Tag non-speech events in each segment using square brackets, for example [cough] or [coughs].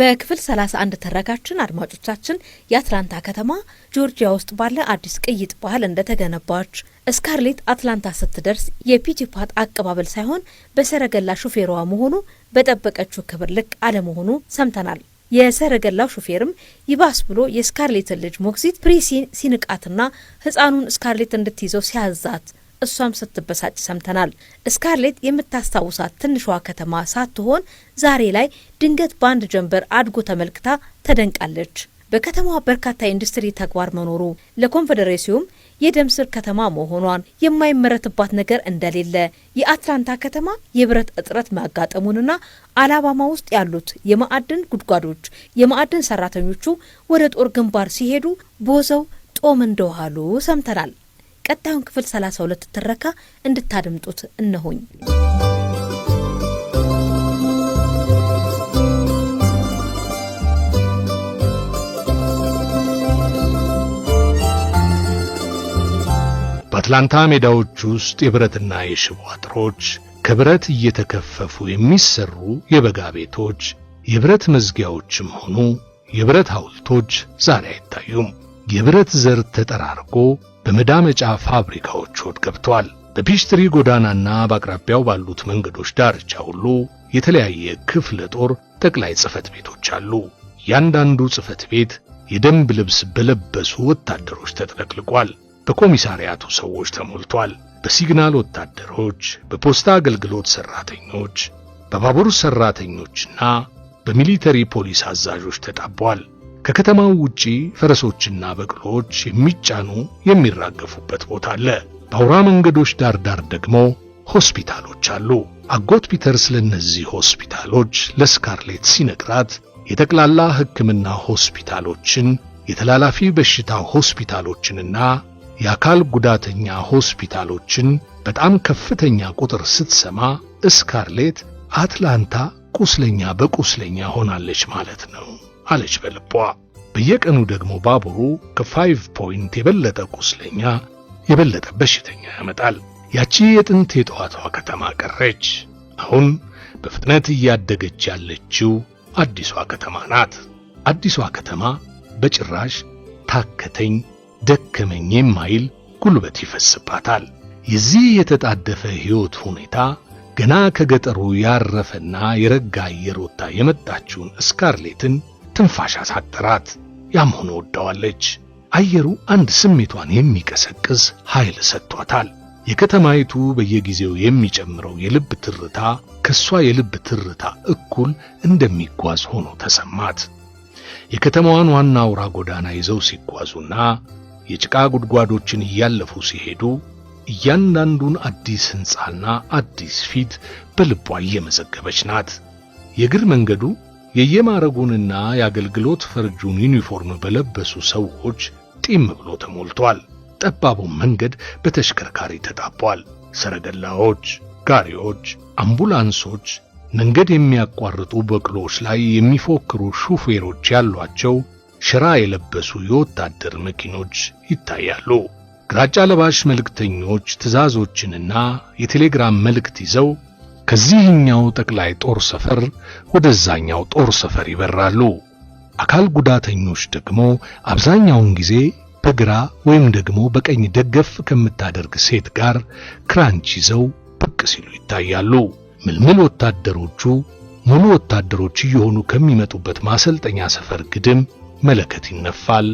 በክፍል 31 ተረካችን አድማጮቻችን የአትላንታ ከተማ ጆርጂያ ውስጥ ባለ አዲስ ቅይጥ ባህል እንደተገነባች ስካርሌት አትላንታ ስትደርስ የፒቲፓት አቀባበል ሳይሆን በሰረገላ ሹፌሯ መሆኑ በጠበቀችው ክብር ልክ አለመሆኑ ሰምተናል። የሰረገላው ሹፌርም ይባስ ብሎ የስካርሌትን ልጅ ሞግዚት ፕሪሲን ሲንቃትና ሕፃኑን ስካርሌት እንድትይዘው ሲያዛት እሷም ስትበሳጭ ሰምተናል። ስካርሌት የምታስታውሳት ትንሿ ከተማ ሳትሆን ዛሬ ላይ ድንገት በአንድ ጀንበር አድጎ ተመልክታ ተደንቃለች። በከተማዋ በርካታ የኢንዱስትሪ ተግባር መኖሩ፣ ለኮንፌዴሬሲውም የደም ስር ከተማ መሆኗን፣ የማይመረትባት ነገር እንደሌለ፣ የአትላንታ ከተማ የብረት እጥረት ማጋጠሙንና አላባማ ውስጥ ያሉት የማዕድን ጉድጓዶች የማዕድን ሰራተኞቹ ወደ ጦር ግንባር ሲሄዱ ቦዘው ጦም እንደዋሉ ሰምተናል። ቀጣዩን ክፍል 32 ትረካ እንድታደምጡት እነሆኝ። በአትላንታ ሜዳዎች ውስጥ የብረትና የሽቦ አጥሮች ከብረት እየተከፈፉ የሚሰሩ የበጋ ቤቶች የብረት መዝጊያዎችም ሆኑ የብረት ሐውልቶች ዛሬ አይታዩም። የብረት ዘር ተጠራርጎ በመዳመጫ ፋብሪካዎች ሆድ ገብቷል። በፒሽትሪ ጎዳናና በአቅራቢያው ባሉት መንገዶች ዳርቻ ሁሉ የተለያየ ክፍለ ጦር ጠቅላይ ጽህፈት ቤቶች አሉ። እያንዳንዱ ጽፈት ቤት የደንብ ልብስ በለበሱ ወታደሮች ተጥለቅልቋል። በኮሚሳሪያቱ ሰዎች ተሞልቷል። በሲግናል ወታደሮች፣ በፖስታ አገልግሎት ሰራተኞች፣ በባቡር ሰራተኞችና በሚሊተሪ ፖሊስ አዛዦች ተጣቧል። ከከተማው ውጪ ፈረሶችና በቅሎች የሚጫኑ የሚራገፉበት ቦታ አለ። በአውራ መንገዶች ዳር ዳር ደግሞ ሆስፒታሎች አሉ። አጎት ፒተር ስለነዚህ ሆስፒታሎች ለስካርሌት ሲነግራት የጠቅላላ ሕክምና ሆስፒታሎችን፣ የተላላፊ በሽታ ሆስፒታሎችንና የአካል ጉዳተኛ ሆስፒታሎችን በጣም ከፍተኛ ቁጥር ስትሰማ እስካርሌት አትላንታ ቁስለኛ በቁስለኛ ሆናለች ማለት ነው። አለች በልቧ። በየቀኑ ደግሞ ባቡሩ ከፋይቭ ፖይንት የበለጠ ቁስለኛ፣ የበለጠ በሽተኛ ያመጣል። ያቺ የጥንት የጠዋቷ ከተማ ቀረች። አሁን በፍጥነት እያደገች ያለችው አዲሷ ከተማ ናት። አዲሷ ከተማ በጭራሽ ታከተኝ ደከመኝ የማይል ጉልበት ይፈስባታል። የዚህ የተጣደፈ ሕይወት ሁኔታ ገና ከገጠሩ ያረፈና የረጋ አየር ወጥታ የመጣችውን ስካርሌትን ትንፋሽ አሳጠራት። ያም ሆኖ ወደዋለች። አየሩ አንድ ስሜቷን የሚቀሰቅስ ኃይል ሰጥቷታል። የከተማይቱ በየጊዜው የሚጨምረው የልብ ትርታ ከሷ የልብ ትርታ እኩል እንደሚጓዝ ሆኖ ተሰማት። የከተማዋን ዋና አውራ ጎዳና ይዘው ሲጓዙና የጭቃ ጉድጓዶችን እያለፉ ሲሄዱ እያንዳንዱን አዲስ ሕንፃና አዲስ ፊት በልቧ እየመዘገበች ናት። የእግር መንገዱ የየማረጉንና የአገልግሎት ፈርጁን ዩኒፎርም በለበሱ ሰዎች ጢም ብሎ ተሞልቷል። ጠባቡን መንገድ በተሽከርካሪ ተጣቧል። ሰረገላዎች፣ ጋሪዎች፣ አምቡላንሶች፣ መንገድ የሚያቋርጡ በቅሎች ላይ የሚፎክሩ ሹፌሮች ያሏቸው ሽራ የለበሱ የወታደር መኪኖች ይታያሉ። ግራጫ ለባሽ መልእክተኞች ትዕዛዞችንና የቴሌግራም መልእክት ይዘው ከዚህኛው ጠቅላይ ጦር ሰፈር ወደዛኛው ጦር ሰፈር ይበራሉ። አካል ጉዳተኞች ደግሞ አብዛኛውን ጊዜ በግራ ወይም ደግሞ በቀኝ ደገፍ ከምታደርግ ሴት ጋር ክራንች ይዘው ብቅ ሲሉ ይታያሉ። ምልምል ወታደሮቹ ሙሉ ወታደሮች እየሆኑ ከሚመጡበት ማሰልጠኛ ሰፈር ግድም መለከት ይነፋል፣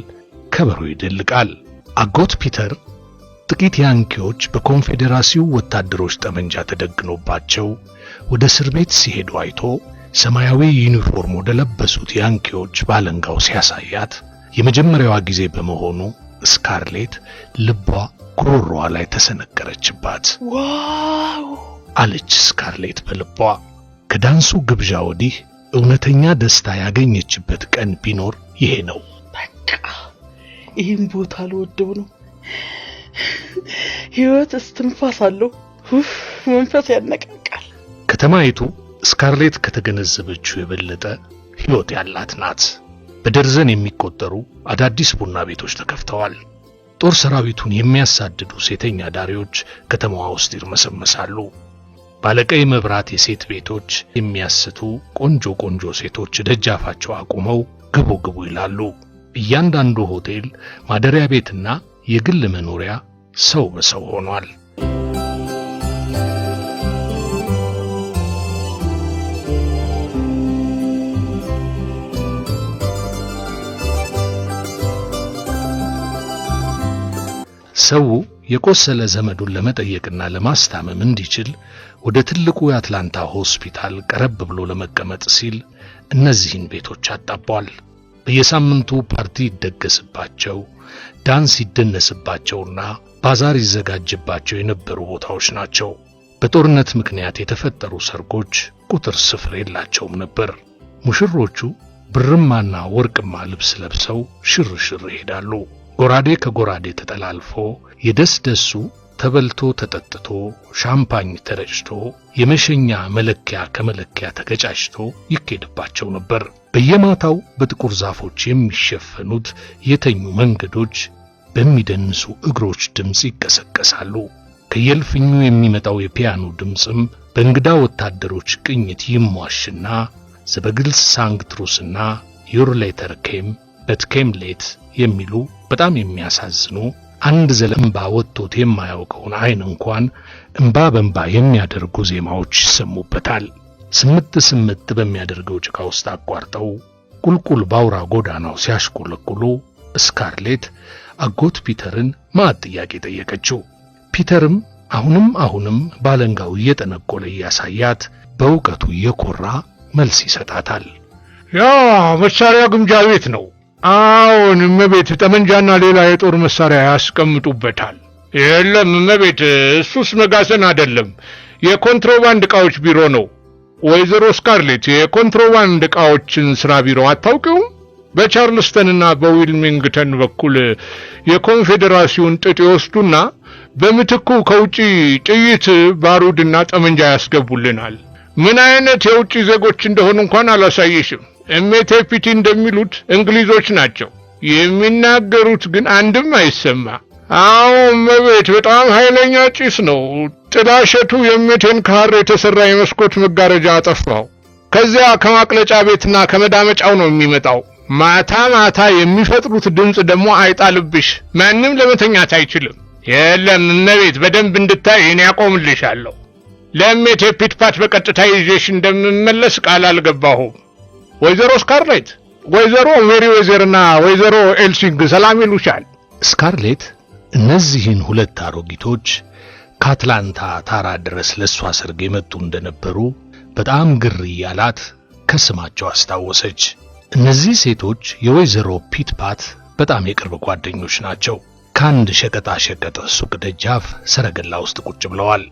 ከበሮ ይደልቃል። አጎት ፒተር ጥቂት ያንኪዎች በኮንፌዴራሲው ወታደሮች ጠመንጃ ተደግኖባቸው ወደ እስር ቤት ሲሄዱ አይቶ ሰማያዊ ዩኒፎርም ወደ ለበሱት ያንኪዎች ባለንጋው ሲያሳያት የመጀመሪያዋ ጊዜ በመሆኑ ስካርሌት ልቧ ጉሮሮዋ ላይ ተሰነቀረችባት። ዋው አለች ስካርሌት በልቧ። ከዳንሱ ግብዣ ወዲህ እውነተኛ ደስታ ያገኘችበት ቀን ቢኖር ይሄ ነው። በቃ ይህን ቦታ ልወደው ነው። ህይወት እስትንፋስ አለው። መንፈስ ያነቃቃል። ከተማይቱ ስካርሌት ከተገነዘበችው የበለጠ ህይወት ያላት ናት። በደርዘን የሚቆጠሩ አዳዲስ ቡና ቤቶች ተከፍተዋል። ጦር ሰራዊቱን የሚያሳድዱ ሴተኛ ዳሪዎች ከተማዋ ውስጥ ይርመሰመሳሉ። ባለቀይ መብራት የሴት ቤቶች የሚያስቱ ቆንጆ ቆንጆ ሴቶች ደጃፋቸው አቁመው ግቡ ግቡ ይላሉ። እያንዳንዱ ሆቴል ማደሪያ ቤትና የግል መኖሪያ ሰው በሰው ሆኗል። ሰው የቆሰለ ዘመዱን ለመጠየቅና ለማስታመም እንዲችል ወደ ትልቁ የአትላንታ ሆስፒታል ቀረብ ብሎ ለመቀመጥ ሲል እነዚህን ቤቶች አጣቧል። በየሳምንቱ ፓርቲ ይደገስባቸው ዳንስ ይደነስባቸውና ባዛር ይዘጋጅባቸው የነበሩ ቦታዎች ናቸው። በጦርነት ምክንያት የተፈጠሩ ሰርጎች ቁጥር ስፍር የላቸውም ነበር። ሙሽሮቹ ብርማና ወርቅማ ልብስ ለብሰው ሽርሽር ይሄዳሉ። ጎራዴ ከጎራዴ ተጠላልፎ የደስ ደሱ ተበልቶ ተጠጥቶ ሻምፓኝ ተረጭቶ የመሸኛ መለኪያ ከመለኪያ ተገጫጭቶ ይኬድባቸው ነበር። በየማታው በጥቁር ዛፎች የሚሸፈኑት የተኙ መንገዶች በሚደንሱ እግሮች ድምፅ ይቀሰቀሳሉ። ከየልፍኙ የሚመጣው የፒያኖ ድምፅም በእንግዳ ወታደሮች ቅኝት ይሟሽና ዘበግልስ ሳንግትሩስና ዩርሌተር ኬም በት ሌት የሚሉ በጣም የሚያሳዝኑ አንድ ዘለ እምባ ወጥቶት የማያውቀውን አይን እንኳን እምባ በእምባ የሚያደርጉ ዜማዎች ይሰሙበታል። ስምት ስምት በሚያደርገው ጭቃ ውስጥ አቋርጠው ቁልቁል ባውራ ጎዳናው ሲያሽቆለቁሉ ስካርሌት አጎት ፒተርን ማዕት ጥያቄ ጠየቀችው። ፒተርም አሁንም አሁንም ባለንጋው እየጠነቆለ እያሳያት በእውቀቱ እየኮራ መልስ ይሰጣታል። ያ መሳሪያ ግምጃ ቤት ነው አዎን እመቤት፣ ጠመንጃና ሌላ የጦር መሳሪያ ያስቀምጡበታል። የለም እመቤት፣ እሱስ መጋዘን አይደለም፣ የኮንትሮባንድ ዕቃዎች ቢሮ ነው። ወይዘሮ ስካርሌት የኮንትሮባንድ ዕቃዎችን ሥራ ቢሮ አታውቂውም? በቻርልስተንና በዊልሚንግተን በኩል የኮንፌዴራሲውን ጥጥ ይወስዱና በምትኩ ከውጪ ጥይት፣ ባሩድና ጠመንጃ ያስገቡልናል። ምን አይነት የውጭ ዜጎች እንደሆኑ እንኳን አላሳየሽም። እሜቴፒቲ እንደሚሉት እንግሊዞች ናቸው። የሚናገሩት ግን አንድም አይሰማ። አዎ እመቤት፣ በጣም ኃይለኛ ጭስ ነው። ጥላሸቱ የእሜቴን ካር የተሠራ የመስኮት መጋረጃ አጠፋው። ከዚያ ከማቅለጫ ቤትና ከመዳመጫው ነው የሚመጣው። ማታ ማታ የሚፈጥሩት ድምፅ ደግሞ አይጣልብሽ፣ ማንም ለመተኛት አይችልም። የለም እመቤት፣ በደንብ እንድታይ እኔ ያቆምልሻለሁ። ለእሜቴ ፒትፓት በቀጥታ ይዤሽ እንደምመለስ ቃል አልገባሁም። ወይዘሮ ስካርሌት፣ ወይዘሮ ሜሪዌዘር እና ወይዘሮ ኤልሲንግ ሰላም ይሉሻል። ስካርሌት እነዚህን ሁለት አሮጊቶች ከአትላንታ ታራ ድረስ ለእሷ ሰርግ የመጡ እንደነበሩ በጣም ግር እያላት ከስማቸው አስታወሰች። እነዚህ ሴቶች የወይዘሮ ፒትፓት በጣም የቅርብ ጓደኞች ናቸው። ከአንድ ሸቀጣ ሸቀጥ ሱቅ ደጃፍ ሰረገላ ውስጥ ቁጭ ብለዋል።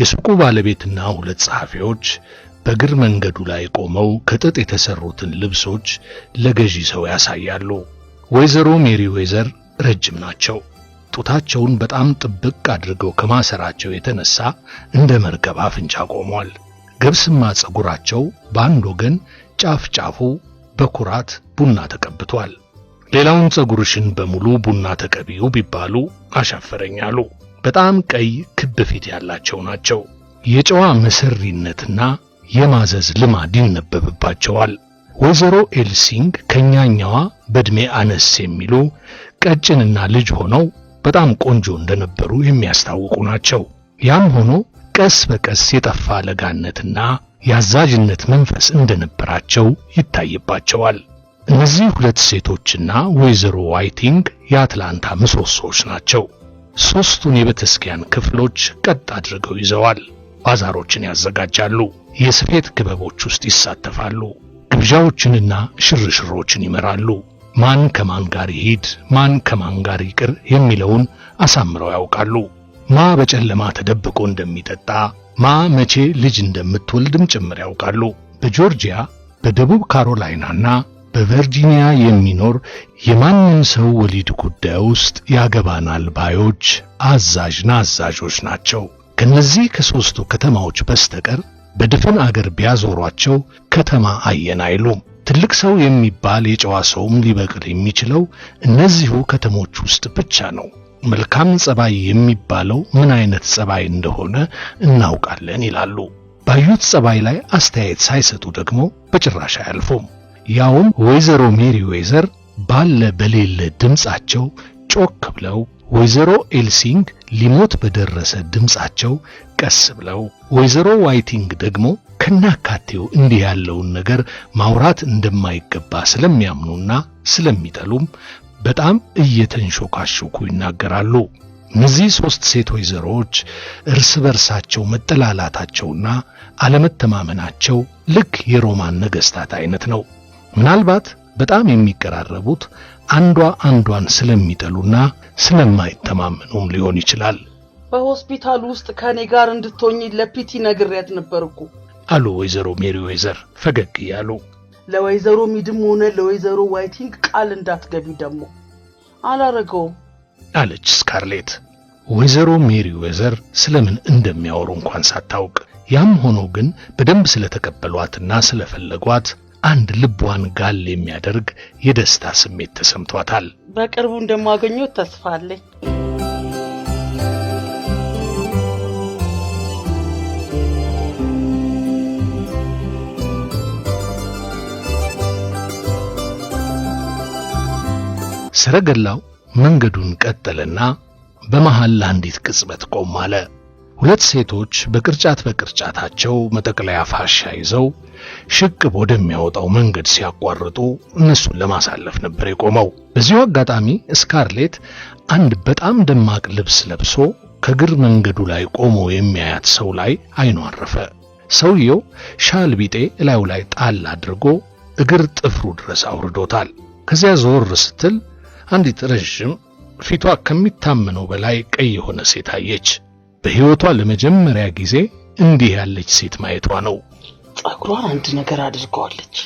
የሱቁ ባለቤትና ሁለት ጸሐፊዎች በእግር መንገዱ ላይ ቆመው ከጥጥ የተሰሩትን ልብሶች ለገዢ ሰው ያሳያሉ። ወይዘሮ ሜሪ ዌዘር ረጅም ናቸው። ጡታቸውን በጣም ጥብቅ አድርገው ከማሰራቸው የተነሳ እንደ መርከብ አፍንጫ ቆሟል። ገብስማ ፀጉራቸው በአንድ ወገን ጫፍ ጫፉ በኩራት ቡና ተቀብቷል። ሌላውን ጸጉርሽን በሙሉ ቡና ተቀቢው ቢባሉ አሻፈረኛሉ። በጣም ቀይ ክብ ፊት ያላቸው ናቸው። የጨዋ መሰሪነትና የማዘዝ ልማድ ይነበብባቸዋል። ወይዘሮ ኤልሲንግ ከኛኛዋ በእድሜ አነስ የሚሉ ቀጭንና ልጅ ሆነው በጣም ቆንጆ እንደነበሩ የሚያስታውቁ ናቸው። ያም ሆኖ ቀስ በቀስ የጠፋ ለጋነትና የአዛዥነት መንፈስ እንደነበራቸው ይታይባቸዋል። እነዚህ ሁለት ሴቶችና ወይዘሮ ዋይቲንግ የአትላንታ ምሰሶዎች ናቸው። ሦስቱን የቤተ ክርስቲያን ክፍሎች ቀጥ አድርገው ይዘዋል። ባዛሮችን ያዘጋጃሉ። የስፌት ክበቦች ውስጥ ይሳተፋሉ። ግብዣዎችንና ሽርሽሮችን ይመራሉ። ማን ከማን ጋር ይሂድ፣ ማን ከማን ጋር ይቅር የሚለውን አሳምረው ያውቃሉ። ማ በጨለማ ተደብቆ እንደሚጠጣ፣ ማ መቼ ልጅ እንደምትወልድም ጭምር ያውቃሉ። በጆርጂያ በደቡብ ካሮላይናና በቨርጂኒያ የሚኖር የማንም ሰው ወሊድ ጉዳይ ውስጥ ያገባናል ባዮች አዛዥና አዛዦች ናቸው። ከነዚህ ከሦስቱ ከተማዎች በስተቀር በድፍን አገር ቢያዞሯቸው ከተማ አየን አይሉም። ትልቅ ሰው የሚባል የጨዋ ሰውም ሊበቅል የሚችለው እነዚሁ ከተሞች ውስጥ ብቻ ነው። መልካም ጸባይ የሚባለው ምን አይነት ጸባይ እንደሆነ እናውቃለን ይላሉ። ባዩት ጸባይ ላይ አስተያየት ሳይሰጡ ደግሞ በጭራሽ አያልፉም። ያውም ወይዘሮ ሜሪ ዌዘር ባለ በሌለ ድምፃቸው ጮክ ብለው ወይዘሮ ኤልሲንግ ሊሞት በደረሰ ድምፃቸው ቀስ ብለው ወይዘሮ ዋይቲንግ ደግሞ ከናካቴው እንዲህ ያለውን ነገር ማውራት እንደማይገባ ስለሚያምኑና ስለሚጠሉም በጣም እየተንሾካሾኩ ይናገራሉ። እነዚህ ሶስት ሴት ወይዘሮዎች እርስ በርሳቸው መጠላላታቸውና አለመተማመናቸው ልክ የሮማን ነገሥታት አይነት ነው። ምናልባት በጣም የሚቀራረቡት አንዷ አንዷን ስለሚጠሉና ስለማይተማመኑም ሊሆን ይችላል። በሆስፒታል ውስጥ ከኔ ጋር እንድትሆኝ ለፒቲ ነግሬያት ነበር እኮ አሉ ወይዘሮ ሜሪ ወይዘር ፈገግ እያሉ። ለወይዘሮ ሚድም ሆነ ለወይዘሮ ዋይቲንግ ቃል እንዳትገቢ ደግሞ አላረገውም አለች ስካርሌት። ወይዘሮ ሜሪ ወይዘር ስለምን እንደሚያወሩ እንኳን ሳታውቅ፣ ያም ሆኖ ግን በደንብ ስለተቀበሏትና ስለፈለጓት አንድ ልቧን ጋል የሚያደርግ የደስታ ስሜት ተሰምቷታል። በቅርቡ እንደማገኘው ተስፋ አለኝ። ሰረገላው መንገዱን ቀጠለና በመሃል ለአንዲት ቅጽበት ቆም አለ። ሁለት ሴቶች በቅርጫት በቅርጫታቸው መጠቅለያ ፋሻ ይዘው ሽቅብ ወደሚያወጣው መንገድ ሲያቋርጡ እነሱን ለማሳለፍ ነበር የቆመው። በዚሁ አጋጣሚ ስካርሌት አንድ በጣም ደማቅ ልብስ ለብሶ ከግር መንገዱ ላይ ቆሞ የሚያያት ሰው ላይ አይኑ አረፈ። ሰውየው ሻል ቢጤ እላዩ ላይ ጣል አድርጎ እግር ጥፍሩ ድረስ አውርዶታል። ከዚያ ዞር ስትል አንዲት ረዥም ፊቷ ከሚታመነው በላይ ቀይ የሆነ ሴት አየች። በሕይወቷ ለመጀመሪያ ጊዜ እንዲህ ያለች ሴት ማየቷ ነው። ጸጉሯን አንድ ነገር አድርገዋለች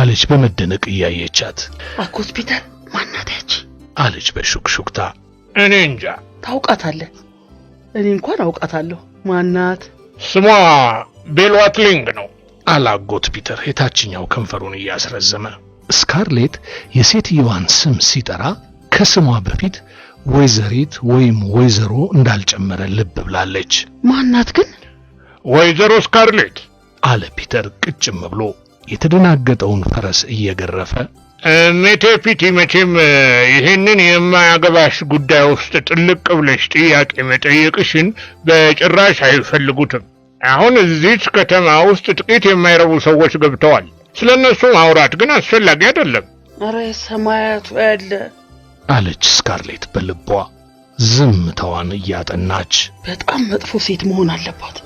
አለች በመደነቅ እያየቻት። አጎት ፒተር አለች በሹክሹክታ። እኔ እንጃ። ታውቃታለህ? እኔ እንኳን አውቃታለሁ። ማናት? ስሟ ቤል ነው አላጎት ፒተር የታችኛው ከንፈሩን እያስረዘመ። ስካርሌት የሴትየዋን ስም ሲጠራ ከስሟ በፊት ወይዘሪት ወይም ወይዘሮ እንዳልጨመረ ልብ ብላለች። ማናት ግን? ወይዘሮ ስካርሌት አለ ፒተር ቅጭም ብሎ የተደናገጠውን ፈረስ እየገረፈ። እሜቴ ፒቲ፣ መቼም ይህንን የማያገባሽ ጉዳይ ውስጥ ጥልቅ ብለሽ ጥያቄ መጠየቅሽን በጭራሽ አይፈልጉትም። አሁን እዚች ከተማ ውስጥ ጥቂት የማይረቡ ሰዎች ገብተዋል። ስለ እነሱ ማውራት ግን አስፈላጊ አይደለም። ኧረ ሰማያቱ ያለ አለች ስካርሌት በልቧ ዝምታዋን እያጠናች። በጣም መጥፎ ሴት መሆን አለባት።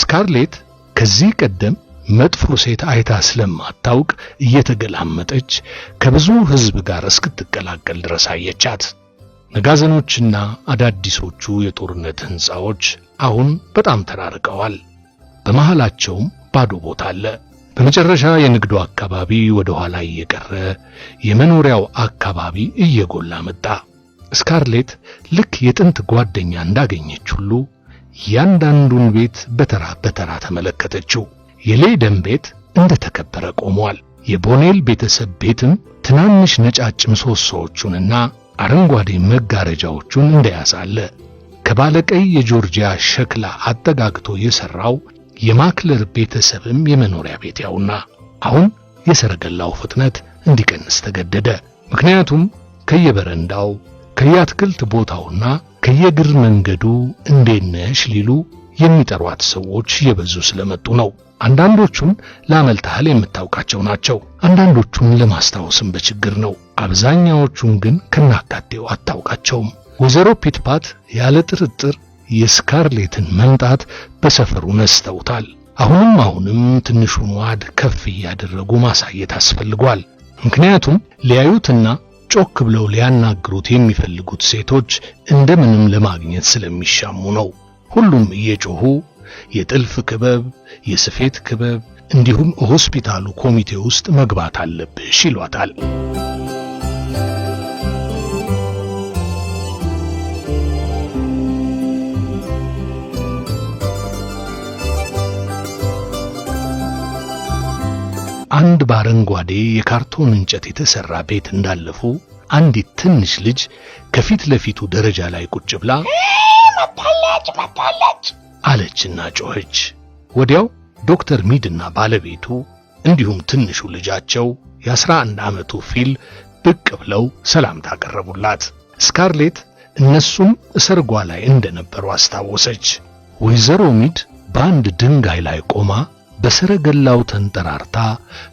ስካርሌት ከዚህ ቀደም መጥፎ ሴት አይታ ስለማታውቅ እየተገላመጠች ከብዙ ሕዝብ ጋር እስክትቀላቀል ድረስ አየቻት። መጋዘኖችና አዳዲሶቹ የጦርነት ሕንፃዎች አሁን በጣም ተራርቀዋል። በመሃላቸውም ባዶ ቦታ አለ። በመጨረሻ የንግዱ አካባቢ ወደ ኋላ እየቀረ የመኖሪያው አካባቢ እየጎላ መጣ። ስካርሌት ልክ የጥንት ጓደኛ እንዳገኘች ሁሉ ያንዳንዱን ቤት በተራ በተራ ተመለከተችው። የሌደን ቤት እንደተከበረ ቆሟል። የቦኔል ቤተሰብ ቤትም ትናንሽ ነጫጭ ምሰሶዎቹንና አረንጓዴ መጋረጃዎቹን እንደያዛለ ከባለቀይ የጆርጂያ ሸክላ አጠጋግቶ የሰራው የማክለር ቤተሰብም የመኖሪያ ቤት ያውና አሁን የሰረገላው ፍጥነት እንዲቀንስ ተገደደ። ምክንያቱም ከየበረንዳው ከየአትክልት ቦታውና ከየእግር መንገዱ እንዴት ነሽ ሊሉ የሚጠሯት ሰዎች እየበዙ ስለመጡ ነው። አንዳንዶቹን ላመልታህል የምታውቃቸው ናቸው። አንዳንዶቹን ለማስታወስም በችግር ነው። አብዛኛዎቹን ግን ከናካቴው አታውቃቸውም። ወይዘሮ ፒትፓት ያለ ጥርጥር የስካርሌትን መምጣት በሰፈሩ ነስተውታል። አሁንም አሁንም ትንሹን ዋድ ከፍ እያደረጉ ማሳየት አስፈልጓል። ምክንያቱም ሊያዩትና ጮክ ብለው ሊያናግሩት የሚፈልጉት ሴቶች እንደምንም ለማግኘት ስለሚሻሙ ነው። ሁሉም እየጮሁ የጥልፍ ክበብ፣ የስፌት ክበብ እንዲሁም ሆስፒታሉ ኮሚቴ ውስጥ መግባት አለብሽ ይሏታል። አንድ በአረንጓዴ የካርቶን እንጨት የተሰራ ቤት እንዳለፉ አንዲት ትንሽ ልጅ ከፊት ለፊቱ ደረጃ ላይ ቁጭ ብላ መታለች መታለች አለችና ጮኸች። ወዲያው ዶክተር ሚድና ባለቤቱ እንዲሁም ትንሹ ልጃቸው የአስራ አንድ ዓመቱ ፊል ብቅ ብለው ሰላምታ ቀረቡላት። ስካርሌት እነሱም እሰርጓ ላይ እንደነበሩ አስታወሰች። ወይዘሮ ሚድ በአንድ ድንጋይ ላይ ቆማ በሰረገላው ተንጠራርታ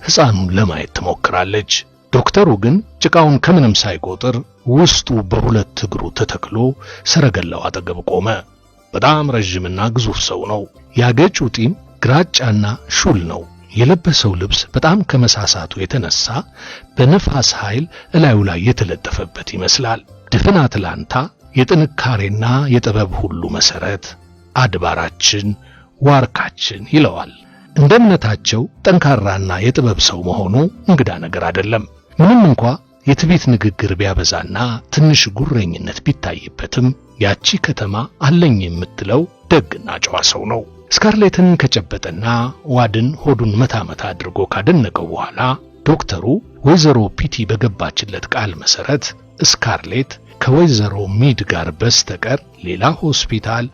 ሕፃኑን ለማየት ትሞክራለች። ዶክተሩ ግን ጭቃውን ከምንም ሳይቆጥር ውስጡ በሁለት እግሩ ተተክሎ ሰረገላው አጠገብ ቆመ። በጣም ረዥምና ግዙፍ ሰው ነው። ያገጩ ጢም ግራጫና ሹል ነው። የለበሰው ልብስ በጣም ከመሳሳቱ የተነሳ በነፋስ ኃይል እላዩ ላይ የተለጠፈበት ይመስላል። ድፍን አትላንታ የጥንካሬና የጥበብ ሁሉ መሰረት፣ አድባራችን፣ ዋርካችን ይለዋል። እንደ እምነታቸው ጠንካራና የጥበብ ሰው መሆኑ እንግዳ ነገር አይደለም። ምንም እንኳ የትቢት ንግግር ቢያበዛና ትንሽ ጉረኝነት ቢታይበትም ያቺ ከተማ አለኝ የምትለው ደግና ጨዋ ሰው ነው። ስካርሌትን ከጨበጠና ዋድን ሆዱን መታመታ አድርጎ ካደነቀው በኋላ ዶክተሩ ወይዘሮ ፒቲ በገባችለት ቃል መሰረት ስካርሌት ከወይዘሮ ሚድ ጋር በስተቀር ሌላ ሆስፒታል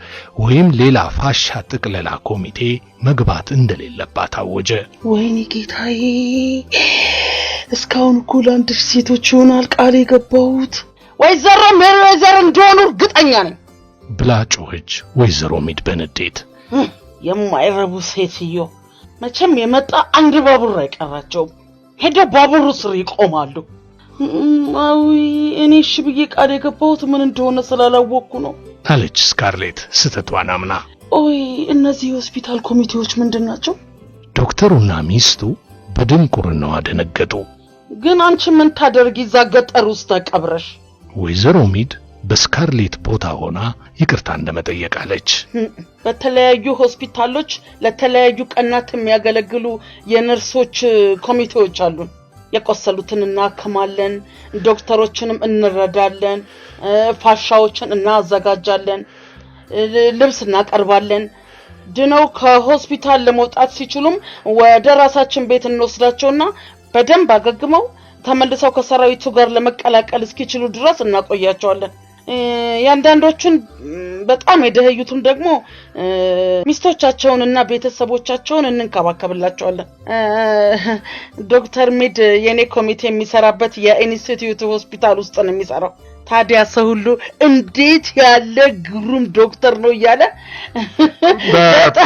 ወይም ሌላ ፋሻ ጥቅለላ ኮሚቴ መግባት እንደሌለባት አወጀ። ወይኔ ጌታዬ፣ እስካሁን እኮ ለአንድ ሴቶች ይሆናል ቃል የገባሁት ወይዘሮ ሜሪዌዘር እንደሆኑ እርግጠኛ ነኝ ብላ ጮኸች። ወይዘሮ ሚድ በንዴት የማይረቡ ሴትዮ መቼም የመጣ አንድ ባቡር አይቀራቸውም። ሄደው ባቡሩ ስር ይቆማሉ። አዊ እኔ እሺ ብዬ ቃል የገባሁት ምን እንደሆነ ስላላወቅኩ ነው አለች ስካርሌት ስህተቷን አምና። ኦይ እነዚህ የሆስፒታል ኮሚቴዎች ምንድን ናቸው? ዶክተሩና ሚስቱ በድንቁርናዋ ደነገጡ። ግን አንቺ ምን ታደርጊ እዛ ገጠር ውስጥ ተቀብረሽ? ወይዘሮ ሚድ በስካርሌት ቦታ ሆና ይቅርታ እንደመጠየቅ አለች። በተለያዩ ሆስፒታሎች ለተለያዩ ቀናት የሚያገለግሉ የነርሶች ኮሚቴዎች አሉን። የቆሰሉትን እናክማለን፣ ዶክተሮችንም እንረዳለን፣ ፋሻዎችን እናዘጋጃለን፣ ልብስ እናቀርባለን። ድነው ከሆስፒታል ለመውጣት ሲችሉም ወደ ራሳችን ቤት እንወስዳቸውና በደንብ አገግመው ተመልሰው ከሰራዊቱ ጋር ለመቀላቀል እስኪችሉ ድረስ እናቆያቸዋለን። የአንዳንዶቹን በጣም የደህዩትም ደግሞ ሚስቶቻቸውን እና ቤተሰቦቻቸውን እንንከባከብላቸዋለን። ዶክተር ሚድ የኔ ኮሚቴ የሚሰራበት የኢንስቲትዩት ሆስፒታል ውስጥ ነው የሚሰራው። ታዲያ ሰው ሁሉ እንዴት ያለ ግሩም ዶክተር ነው እያለ በቃ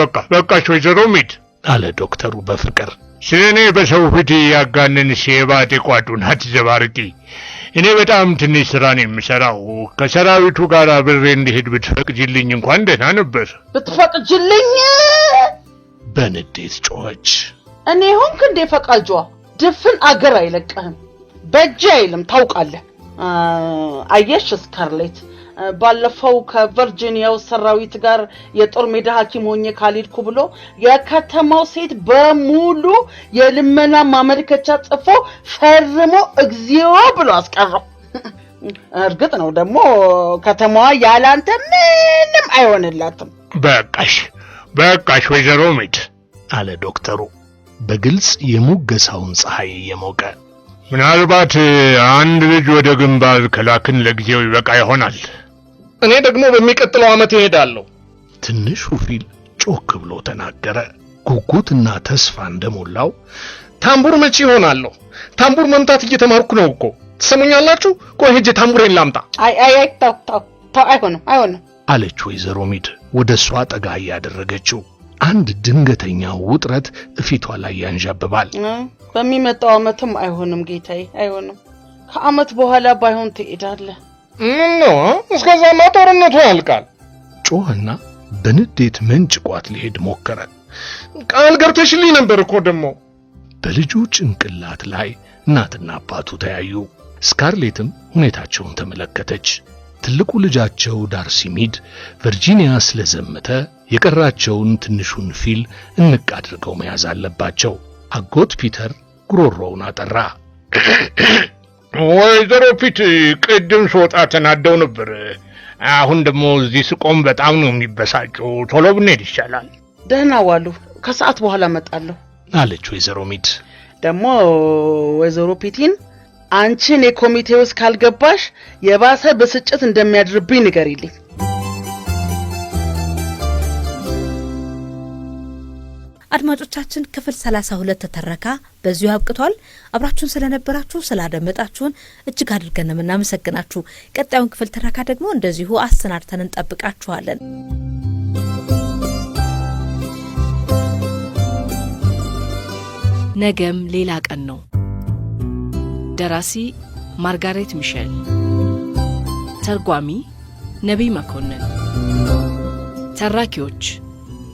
በቃ በቃሽ ወይዘሮ ሚድ አለ ዶክተሩ በፍቅር ስኔ በሰው ፊት ያጋንን ሴባ ጤቋዱን አትዘባርቂ እኔ በጣም ትንሽ ስራ ነው የምሰራው። ከሰራዊቱ ጋር አብሬ እንዲሄድ ብትፈቅጅልኝ እንኳን ደህና ነበር። ብትፈቅጅልኝ በንዴት ጮኸች። እኔ ሆንክ እንዴ ፈቃጇ? ድፍን አገር አይለቅህም፣ በእጅ አይልም። ታውቃለህ። አየሽ ስካርሌት ባለፈው ከቨርጂኒያው ሰራዊት ጋር የጦር ሜዳ ሐኪም ሆኜ ካልሄድኩ ብሎ የከተማው ሴት በሙሉ የልመና ማመልከቻ ጽፎ ፈርሞ እግዚኦ ብሎ አስቀረው። እርግጥ ነው ደግሞ ከተማዋ ያላንተ ምንም አይሆንላትም። በቃሽ በቃሽ ወይዘሮ ሜት አለ ዶክተሩ በግልጽ የሙገሳውን ፀሐይ እየሞቀ ምናልባት አንድ ልጅ ወደ ግንባር ከላክን ለጊዜው ይበቃ ይሆናል። እኔ ደግሞ በሚቀጥለው ዓመት እሄዳለሁ። ትንሹ ፊል ጮክ ብሎ ተናገረ። ጉጉትና ተስፋ እንደሞላው ታምቡር መቼ ይሆናለሁ? ታምቡር መምታት እየተማርኩ ነው እኮ ትሰሙኛላችሁ። ቆይ ሄጄ ታምቡሬን ላምጣ። አይ አይ አይ፣ ተው ተው ተው፣ አይሆንም አይሆንም አለች ወይዘሮ ሚድ ወደ እሷ ጠጋ እያደረገችው። አንድ ድንገተኛ ውጥረት እፊቷ ላይ ያንዣብባል። በሚመጣው ዓመትም አይሆንም ጌታዬ፣ አይሆንም። ከዓመት በኋላ ባይሆን ትሄዳለህ። ምነው እስከዛማ ጦርነቱ ያልቃል ጮህና በንዴት መንጭቋት ሊሄድ ሞከረ። ቃል ገብተሽልኝ ነበር እኮ ደሞ። በልጁ ጭንቅላት ላይ እናትና አባቱ ተያዩ። ስካርሌትም ሁኔታቸውን ተመለከተች። ትልቁ ልጃቸው ዳርሲ ሚድ ቨርጂኒያ ስለዘመተ የቀራቸውን ትንሹን ፊል እንቅ አድርገው መያዝ አለባቸው። አጎት ፒተር ጉሮሮውን አጠራ። [coughs] ወይዘሮ ፊት ቅድም ስወጣ ተናደው ነበር። አሁን ደግሞ እዚህ ስቆም በጣም ነው የሚበሳጨው። ቶሎ ብንሄድ ይሻላል። ደህና ዋሉ፣ ከሰዓት በኋላ መጣለሁ አለች ወይዘሮ ሚድ። ደግሞ ወይዘሮ ፒቲን አንቺን የኮሚቴ ውስጥ ካልገባሽ የባሰ ብስጭት እንደሚያድርብኝ ንገሪልኝ አድማጮቻችን ክፍል ሰላሳ ተተረካ ተረካ በዚሁ አብቅቷል። አብራችሁን ስለነበራችሁ ስላደመጣችሁን እጅግ አድርገን የምናመሰግናችሁ። ቀጣዩን ክፍል ተረካ ደግሞ እንደዚሁ አሰናድተን እንጠብቃችኋለን። ነገም ሌላ ቀን ነው። ደራሲ ማርጋሬት ሚሸል ተርጓሚ ነቢይ መኮንን፣ ተራኪዎች